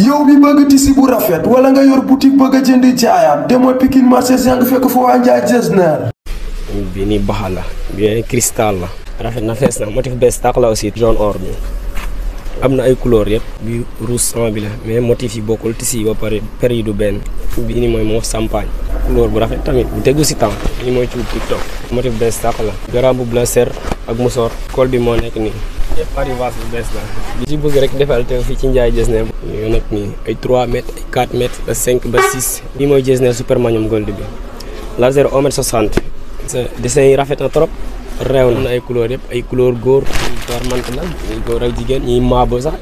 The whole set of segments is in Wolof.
yow bi bëgg tisi bu rafet wala nga yor boutique bëgg a jënd jaayaat demal Pikine marché Zinc fekk fa waa Njaay Jesner. bi ni baxa la bien cristal la. rafet na fees na motif bees tàq la aussi jaune or bi. am na ay couleur yëpp bi rouge sang bi la mais motif yi bokkul tissu yi ba pare per yi benn bi ni mooy moo champagne couleur bu rafet tamit bu tegu si temps ni mooy ci tiktok motif bees sax la garam bu bleu ser ak musoor col moo nekk nii yëpp arrivage bees la li ci bëgg rek defal te fii ci njaay jesne yoo nag nii ay 3 mètres ay 4 mètres ba 5 ba 6 lii mooy jesne supermanium gold bi laser 1 mètre 60 sa dessin yi rafet na trop réew na ay couleur yëpp ay couleur góor góor mant la góor ak jigéen ñuy maabo sax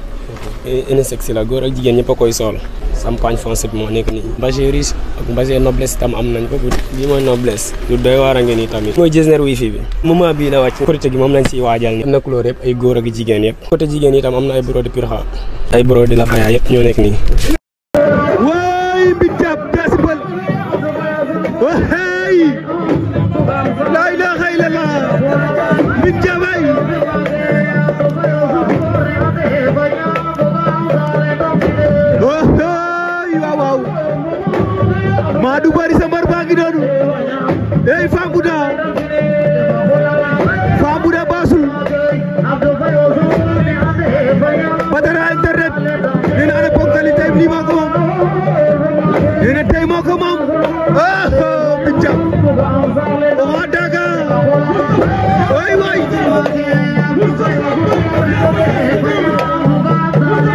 unisexe la góor ak jigéen ñëpp a koy sool champagne foncé bi moo nekk nii mbagé riche ak mbagé noblesse am nañ ko lii mooy noblesse lu doy waar a ngi nii tamit mooy jésner bi moment bii la wàcc côté moom lañ siy waajal ni am na couleur yëpp ay góor ak jigéen yëpp côté jigéen yi tam am na ay brode purxa ay brode la faya yëpp ñoo nekk nii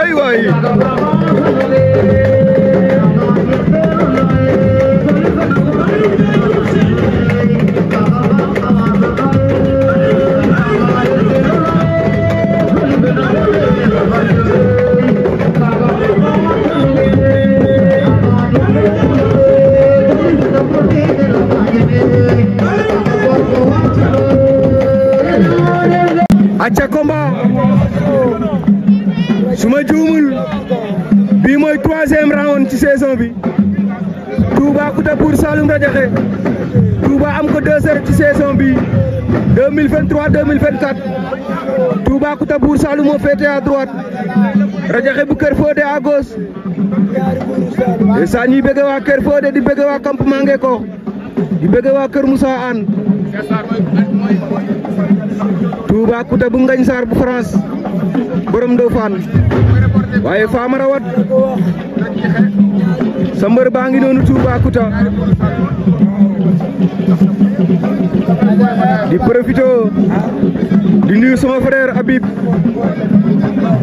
ay waay 2023 2024 Touba Toubacouta Bour Salou mo féete à droite Radiakhé bu Kër Fodé à gauche ndeysaan ñi bëgg wa Kër Fodé di bëgg wa camp mangé ko di bëgg wa Kër Moussa An Anne Toubacouta bu ngañ sar bu France borom do Ndofane waaye Famara Wat sa mbër baa ngi noonu Toubacouta di profito di nuyu sama frère Habib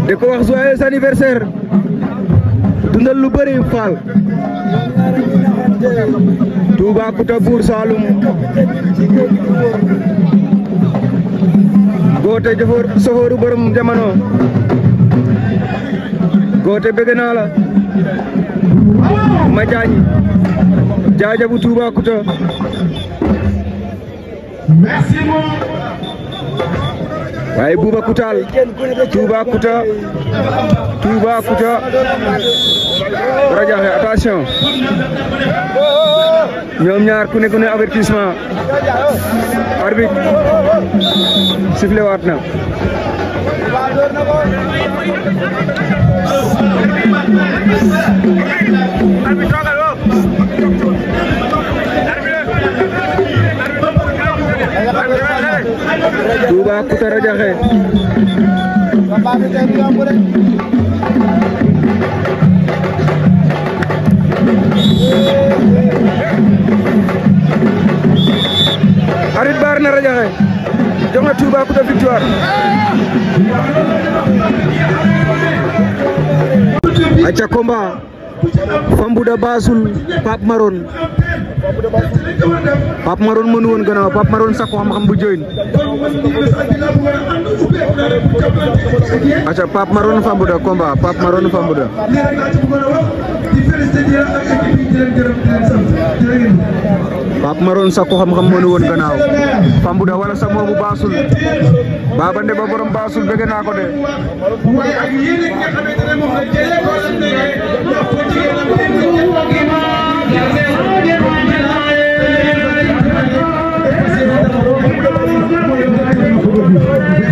di ko wax joyeux anniversaire dundal lu bëri Fall Toubacouta Buur Saalum goote jëfoor soxooru borom jamono goote bëgg majani jaja butuba kuta waaye buuba kutaal tuuba kuta tuuba kuta rajaxe attention ñom ñaar ku ne ku ne avertissement arbitre sifflé watna Touba Koutara ya, Diakhé eh. Arit Bar na Diakhé jangan aca combat Fambouda Bassoul Pape Pap maron mënu woon Pap Pape Maroon sax wax ma xam bu join aca Pape komba pap maron Pape Maroon Fambouda Pap Maroon sax ko xam-xam mënu woon gannaaw Fambouda wala sax moomu basul baban Ndeba borom basul bëgg naa ko de ak Thank you.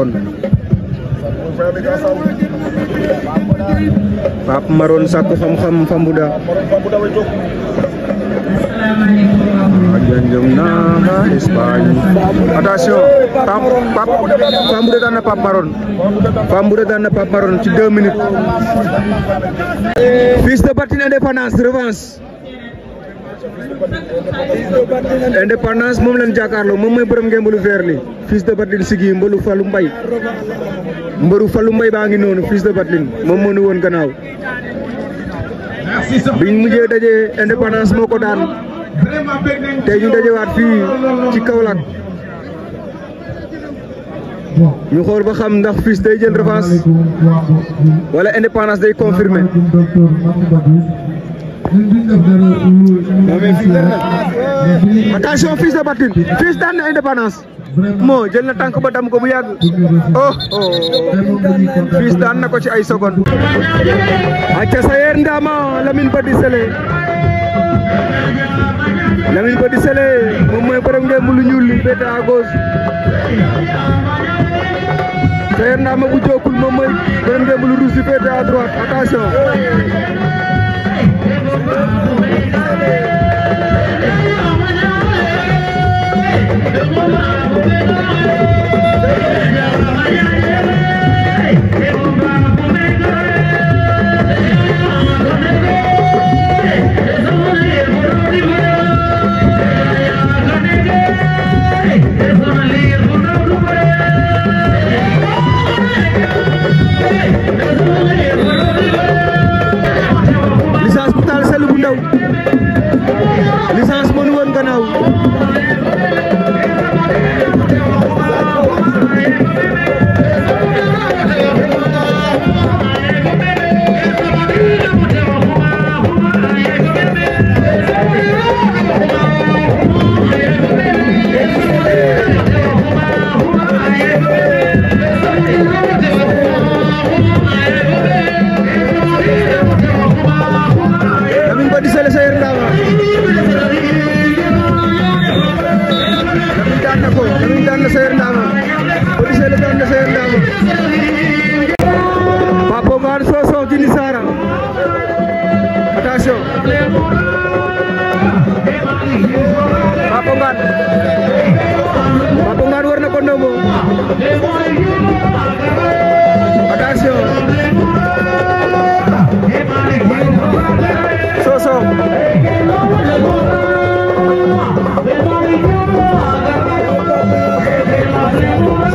Maron Pap Maron satu ham-ham Fambuda Janjung nama Ispan ada sio pap pap dana pap maron pambuda dana pap maron 2 minutes Fils de Batine panas revans indépendance mom lañ jakarlo mom mooy borom ngeen lu vert li fils de Batline sigi mbolu Fallou Mbaye mbaru Fallou Mbaye baangi nonu fils de Batline mom moo won gannaaw biñ mujjé dajé indépendance moo ko daan té ñu dajé waat fi ci Kaolack ñu xor ba xam ndax fils day jël revanche wala indépendance day confirmer attention fils de Batine fils daan na moo jël na tànk ba dam ko bu yàgg oh oh daan na ko ci ay seconde acca sayeer ndaama Lamine Badi Sélé Lamine Badi Sélé moom mooy borom ngeen mu lu ñuul li bête à sayeer ndaama bu jokkul moom mooy borom ngeen mu lu rouge li bête à droite Thank you. Aliou daan na Sayer Ndama Odissele daan na Sayer Ndama Papo Ngane Sossokh Djily Sara attention Papo Ngane Papo Ngane war na ko ndombo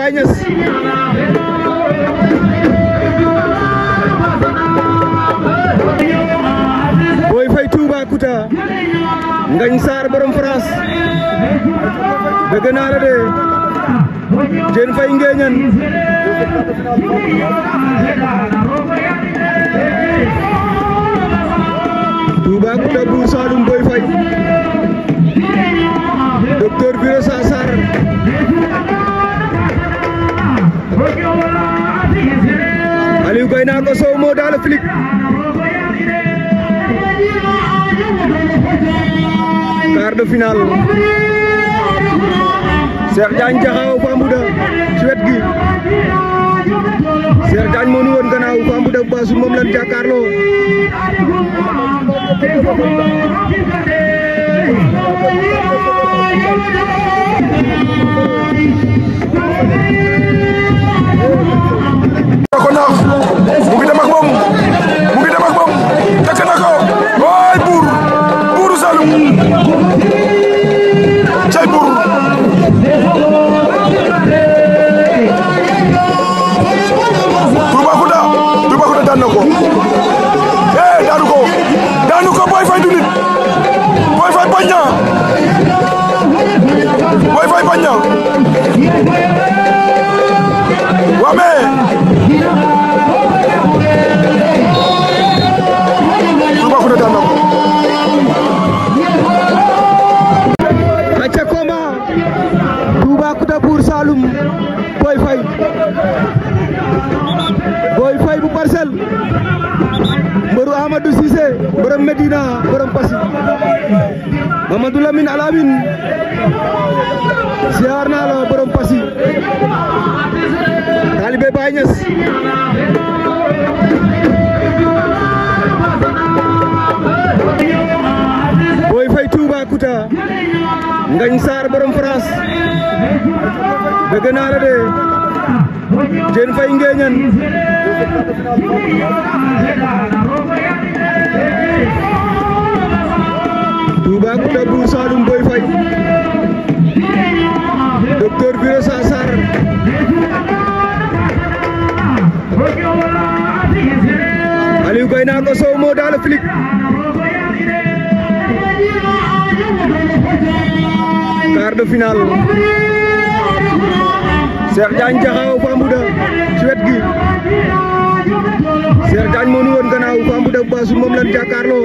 Baye Niass Boy Faye Toubacouta Ngagne Sarr borom France bëgg naa la de Diène Faye Nguéniène Toubacouta Buur Saloum Boy Faye docteur Biré Sassar Aliou Gaynako Sow moo daal flic quart de finale Cheikh Diagne jaxaw Fambouda ci wet gi Cheikh Diagne moo nu woon gannaaw lan Thank you. Yeah. Toubacouta Bour Saloum Boy Faye docteur Biré Sassar Aliou Gaynako Sow moo daal flic quart de finale Cheikh Diagne Diakhao ci wet sertan monuan moo ñu woon gannaaw ko am bu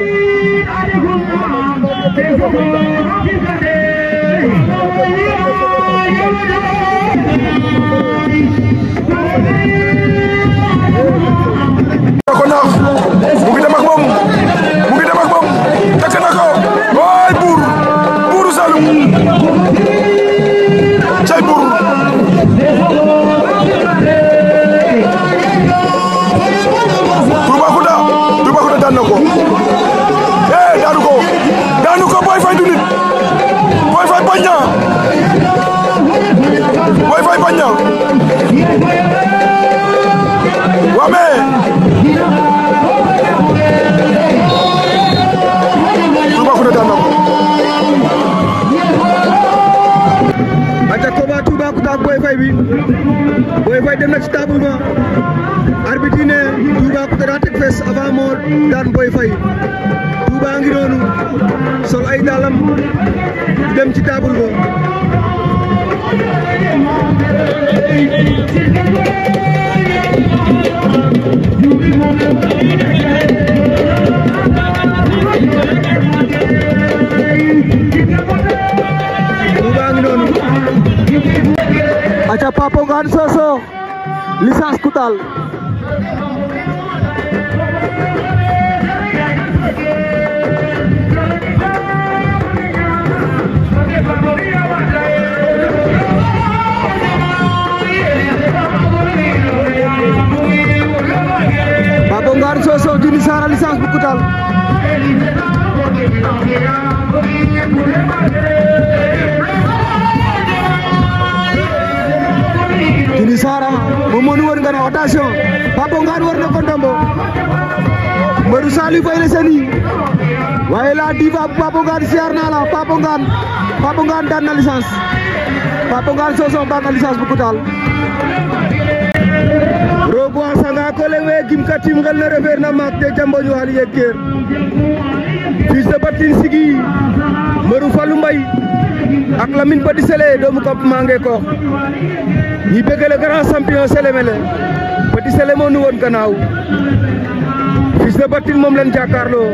ko eh daanu ko daanu ko Boy Faye du nit Boy Faye bañ na Boy Faye bañ na waa mais Toubacouta daan na ko aca combat Toubacouta ak Boy Faye bi Boy Faye dem na ci table ba arbitre ne breakfast avant moo Boy Faye Touba ngi noonu sol ay dalam dem ci table go Touba ngi noonu aca Babou Ngane Sossokh Djiby Sarr licence bu Koutal Djiby Sarr wër nga ne attention Babou Ngane wër na ndombo Modou Saliou Faye la waaye la diva Papo Ngane siyaar naa la Papo Ngane Papo Ngane daan na licence Papo Ngane Sosokh daan na licence bu Koutal roog wa sanga kole we gim ka tim xel ne na maak te jamboñ waal yeg keer fils de sigi meru falu mbay ak Lamine Badi doomu kap mange ko ñi bëgg le grand Sele mele Badi Sele nu woon gannaaw fils de batin moom leen jàkkaarloo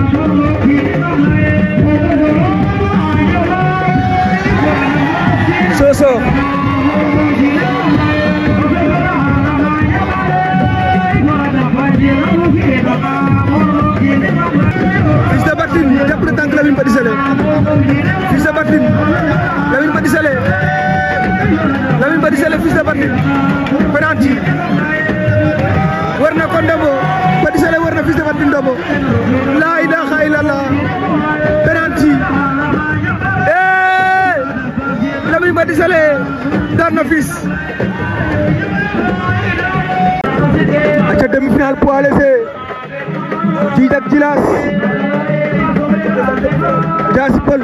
jaas jaasi pël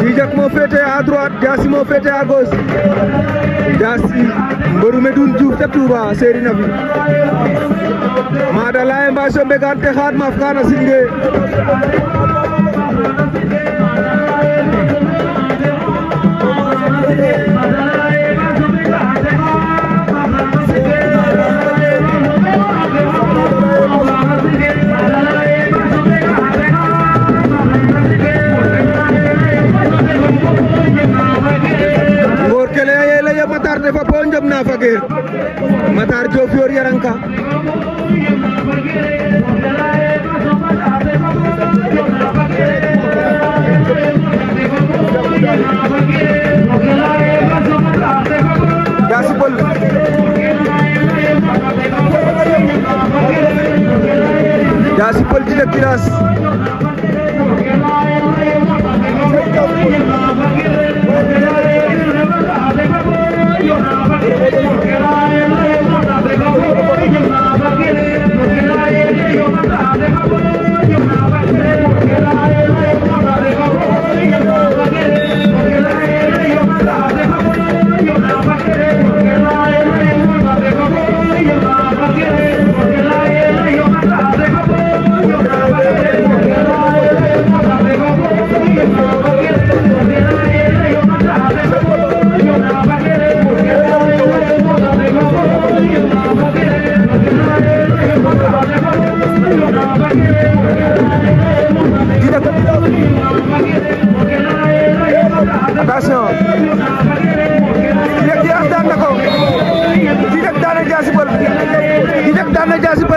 Djidiack moo féete à droite jaasi moo féete à gauche jaasi mbëru Medoune Diouf te Touba seeri na fi maada laye mba sombe gaan te xaat maaf kaana singe Gueye Matar Diop yor yaranka Gassi Peul Gassi Peul di la Guirasse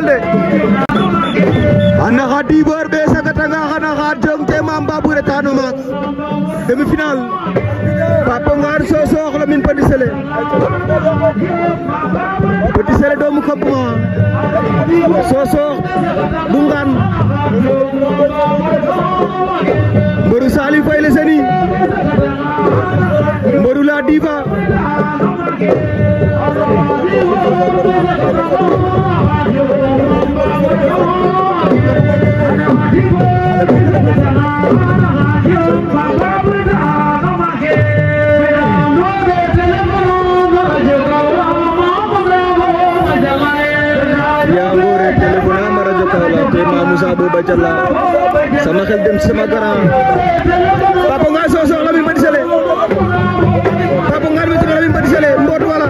Balde ana xa dibor ɓe sagatanga xana xa jong te ma mbabure tano maak demi final papa ngar sosoox lamin petit sele petit sele doomu kampuma sosoox bu sali seni la diva Ya Abu Bajalla sama xel dem sama grand papa nga so so lamin badi sele papa nga be lamin badi sele mbot wala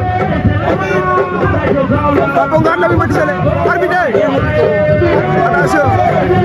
papa nga lamin badi sele arbitre attention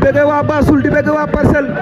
bëgg waa Bassoul di bëgg waa Parcelles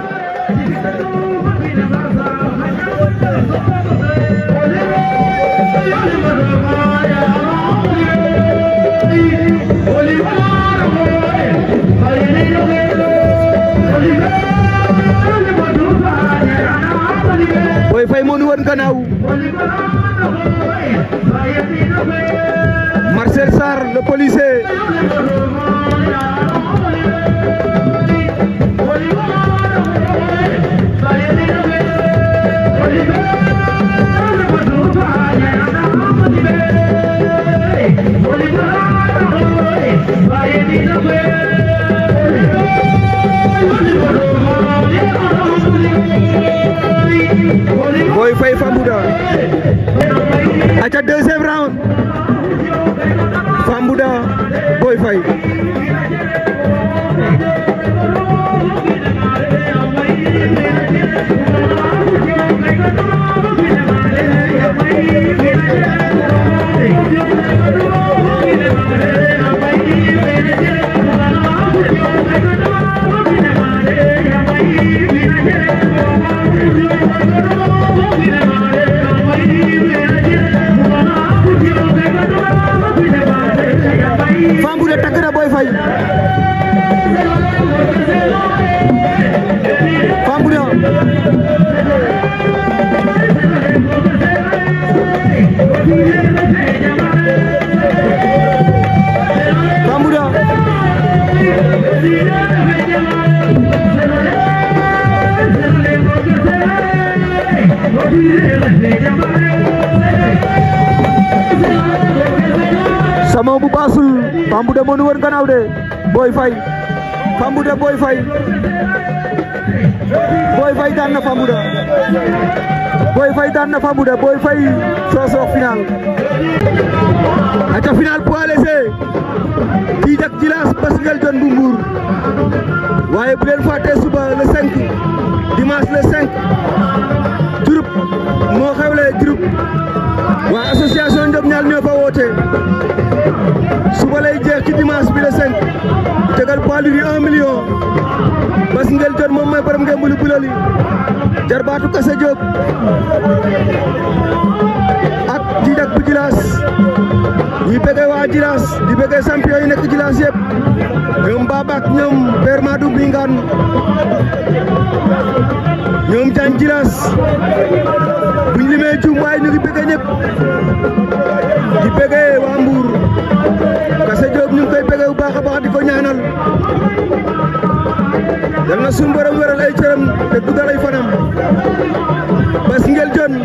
sama bu baasul Fambouda moo ñu woon de Boy Faye Fambouda Boy Faye Boy Faye daan na Fambouda Boy Faye daan na Fambouda Boy Faye Sokh final aca final poids léger Djidjack Djilass Basse bu Mbour waaye bu suba le 5 dimanche le 5 Grup, moo xewle grup wa association Ndiop Nial ñoo fa woote suba lay jeex ci dimanche bi le 5 tegal palu bi 1 million bas ngel jot moom mooy borom ngeen bulu bulali jarbaatu kase Diop ak jiidak bu jilaas ñi bëgg waa jilaas di bëgg champion yi nekk jilaas yëpp Babak ñoom jaan jilaas buñ limé ci waaye ñu ngi ñëpp di bëggee waa Mbour ñu koy bëggé bu baaxa baax di ñaanal dal na suñu borom wëral ay cëram te du dalay fanam ba singel jonne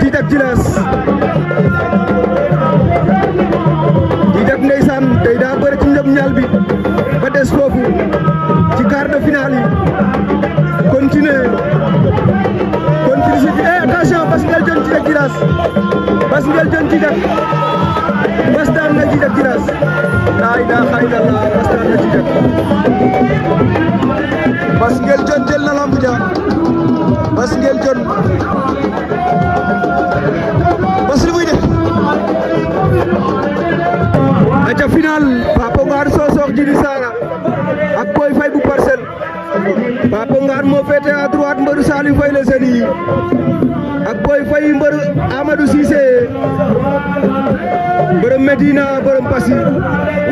jiit ak ci quart de finale yi continuer continuer si eh attention Bass Nguel Dione Djidah Djilass Bass Nguel Dione Djidah Bass daan na Djidah Djilass laa ilaaha illallah Bass daan na Djidah Bass Nguel Dione jël na lamb ja Bass Nguel Dione Bass li muy def aca final Papa Ngane Sokh Sokh Djidah Saar moo féete à droite mbëru Saliou Faye la seen yi ak Boy Faye mbëru Amadou Cissé mbëru Medina mbëru Passy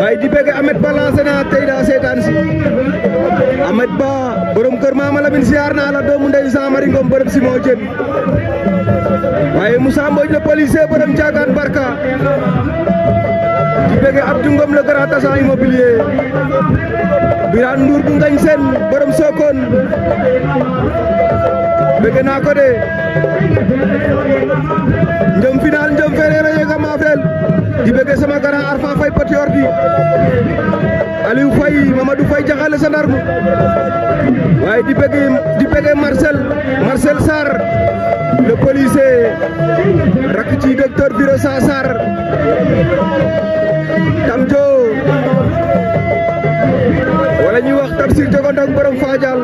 waaye di bëgg Ahmed Ba lancé tey daa seetaan si Ahmed Ba borom kër Maama Lamine siyaar naa la doomu ndeyu Jean Marie Ngom borom Simon Dieng waaye Moussa Mbodj le policier borom Diagane Barka di bëgg Abdou Ngom le grand agent immobilier Birane Ndour bu Ngagne Sène borom Sokone bëgg naa ko de njëm final njëm fereer a yega maafel di bëgg sama grand Arfa Faye Potior di Aliou Faye Mamadou Faye jaxale sa ndar waaye di bëgg di bëgg Marcel Marcel Sarr le policier rakk ci docteur Biro Sarr Tam Jo Isir Jogondong borom Fadial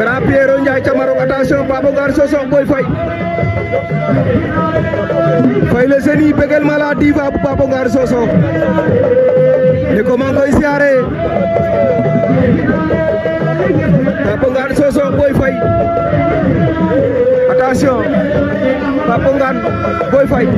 Grand Pierrot Ndiaye Camarok attention Baba Gar Sosokh Boy Faye Faye le seni begel ma la diva bu Baba Gar Sosokh ne ko maa ngi koy siyaare Baba Gar Sosokh Boy Faye attention Baba Gar Boy Faye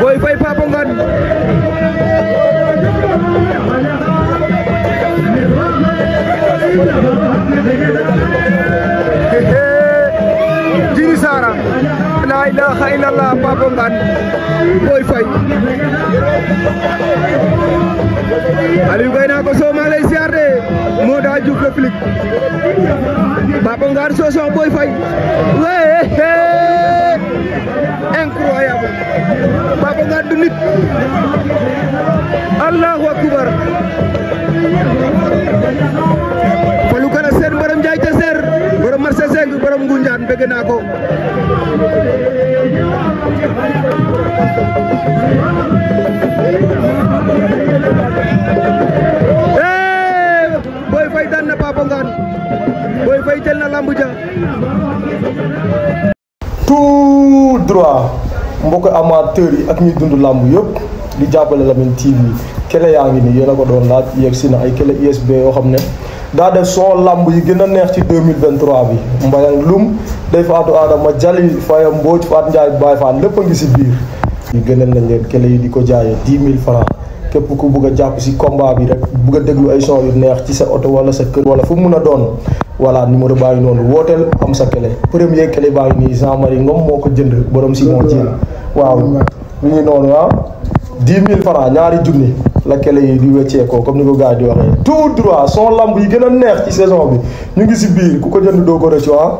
Boy Faye Papa Ngane Jiri Sara la ilaha illallah Papa Ngane Boy naa ko soo maa de moo daa juk réplique Papa Ngane soo soo Boy incroyable Papa Ngade nit Allahu akbar falu kana ser borom jaay ta ser borom marché seng borom gunjaan bëgg naa ko eh, boy fay daan na papa ngaan boy droit mbokk amateur yi ak ñuy dund làmb yëpp di jàppale Lamyn TV kele yaa ngi nii yéen a ko doon laaj yegg si na ay kele ISB yoo xam ne daa def son làmb yi gën a neex ci 2023 bi Mbayang Loum day faatu Adama Jali Faya Mbodj Faat Ndiaye Baye Faat lépp a ngi si biir ñu gënal nañ leen kele yi di ko jaayee 10 000 francs képp ku bugg a jàpp si combat bi rek bugg a déglu ay son yu neex ci sa oto wala sa kër wala fu mu mun a doon voilà numéro baa noonu wooteel am sa clé premier clé baa ngi nii Jean Marie Ngom moo ko jënd borom si moo jënd waaw mi ngi noonu ah dix mille francs ñaari junni la clé yi di wecceekoo comme ni ko gars yi di waxee tout droit son lamb yi gën a neex ci saison bi ñu ngi si biir ku ko jënd doo ko recevoir